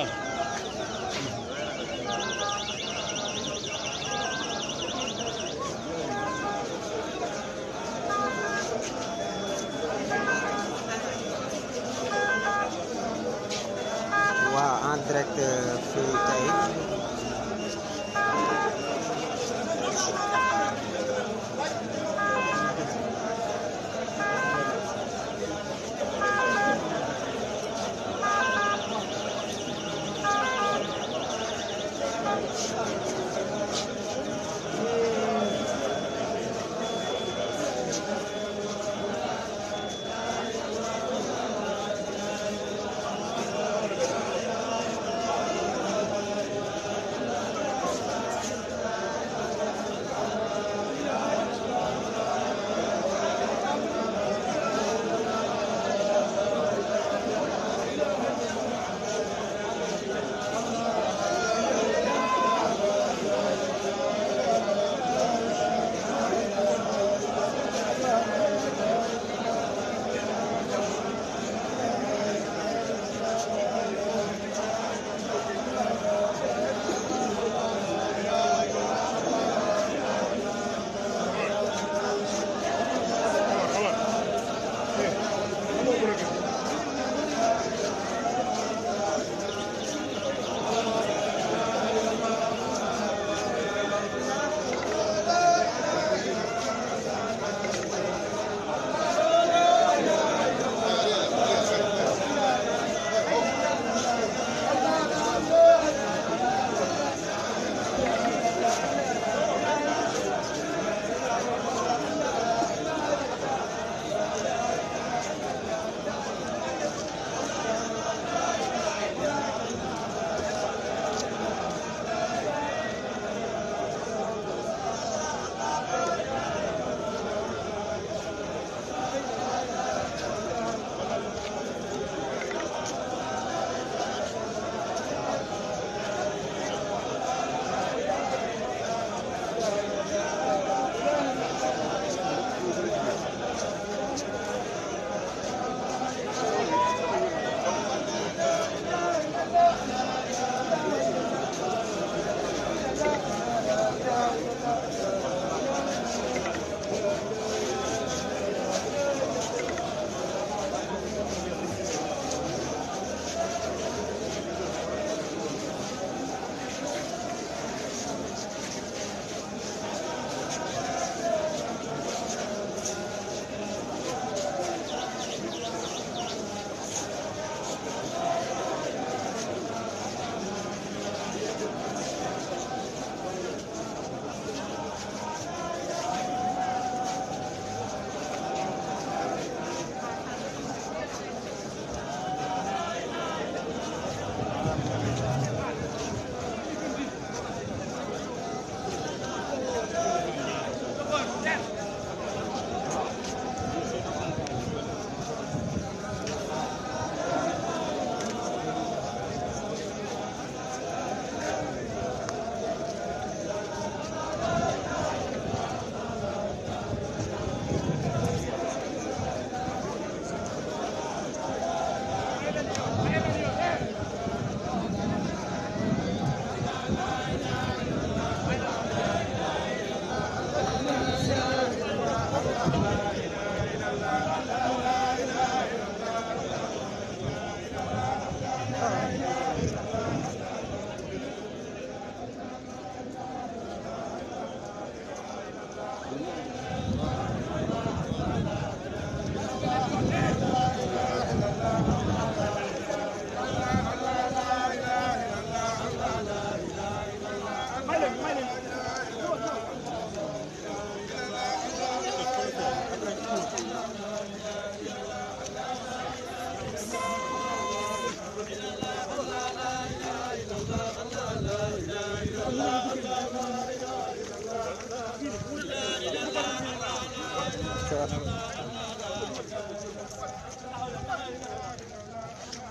Wow, aan direct uh,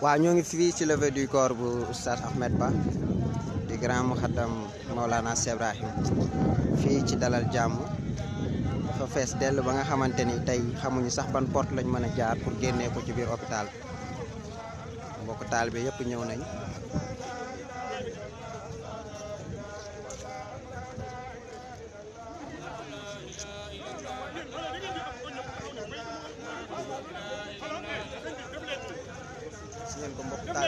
waaw ñoo ngi fii ci levée du corps bu Oustaz Ahmed Ba di grand muxaddam Maulana Cheikh Ibrahim fii ci dalal jàmm dafa fees dell ba nga xamante ni tey xamuñu sax ban porte lañ mën a jaar pour génnee ko ci biir hôpital mbokk taal bi yëpp ñëw nañ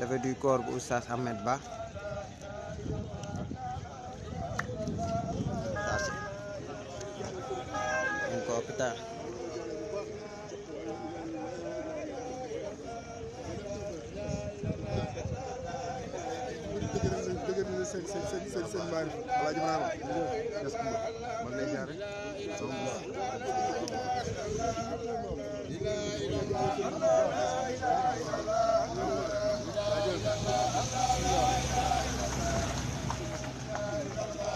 levée du corps bu oustaz Ahmed Ba ñu ko hôpital seen seen seen seen seen mbaari alaaji maama des ko man lay jaar rek sama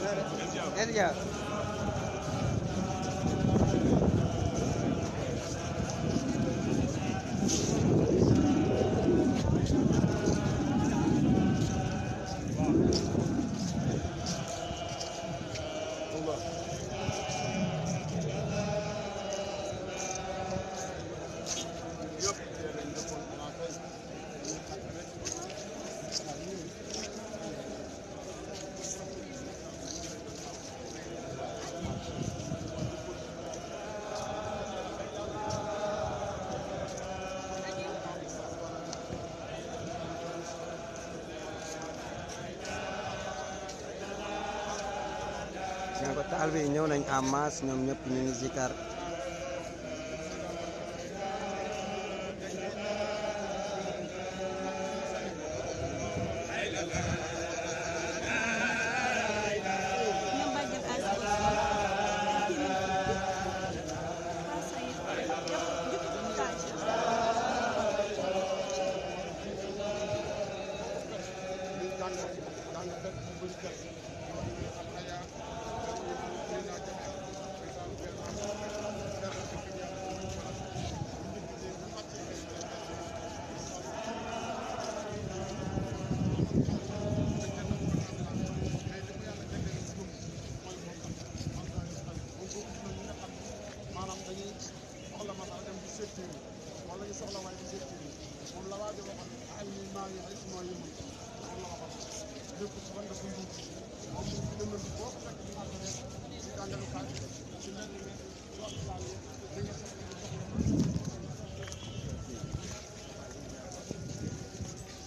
Nereye? Nereye? taalibe yi ñëw nañ en masse ñoom ñëpp ñu ngi zikar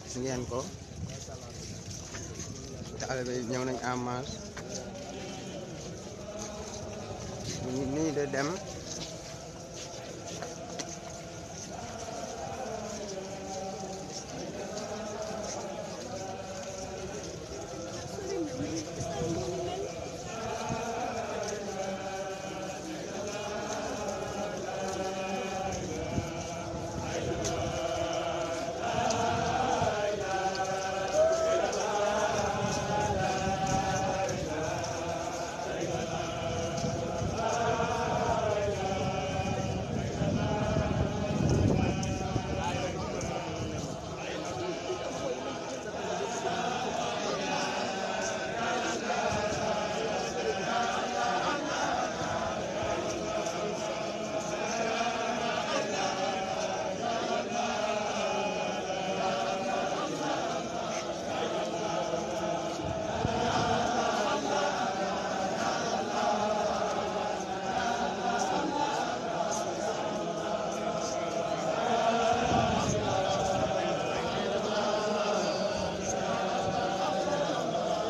gis ngeen ko taalibe yi ñëw amas, ini masse ñu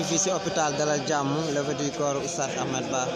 yëkkati fii si hôpital Dalal Jàmm levée du corps Ahmed Ba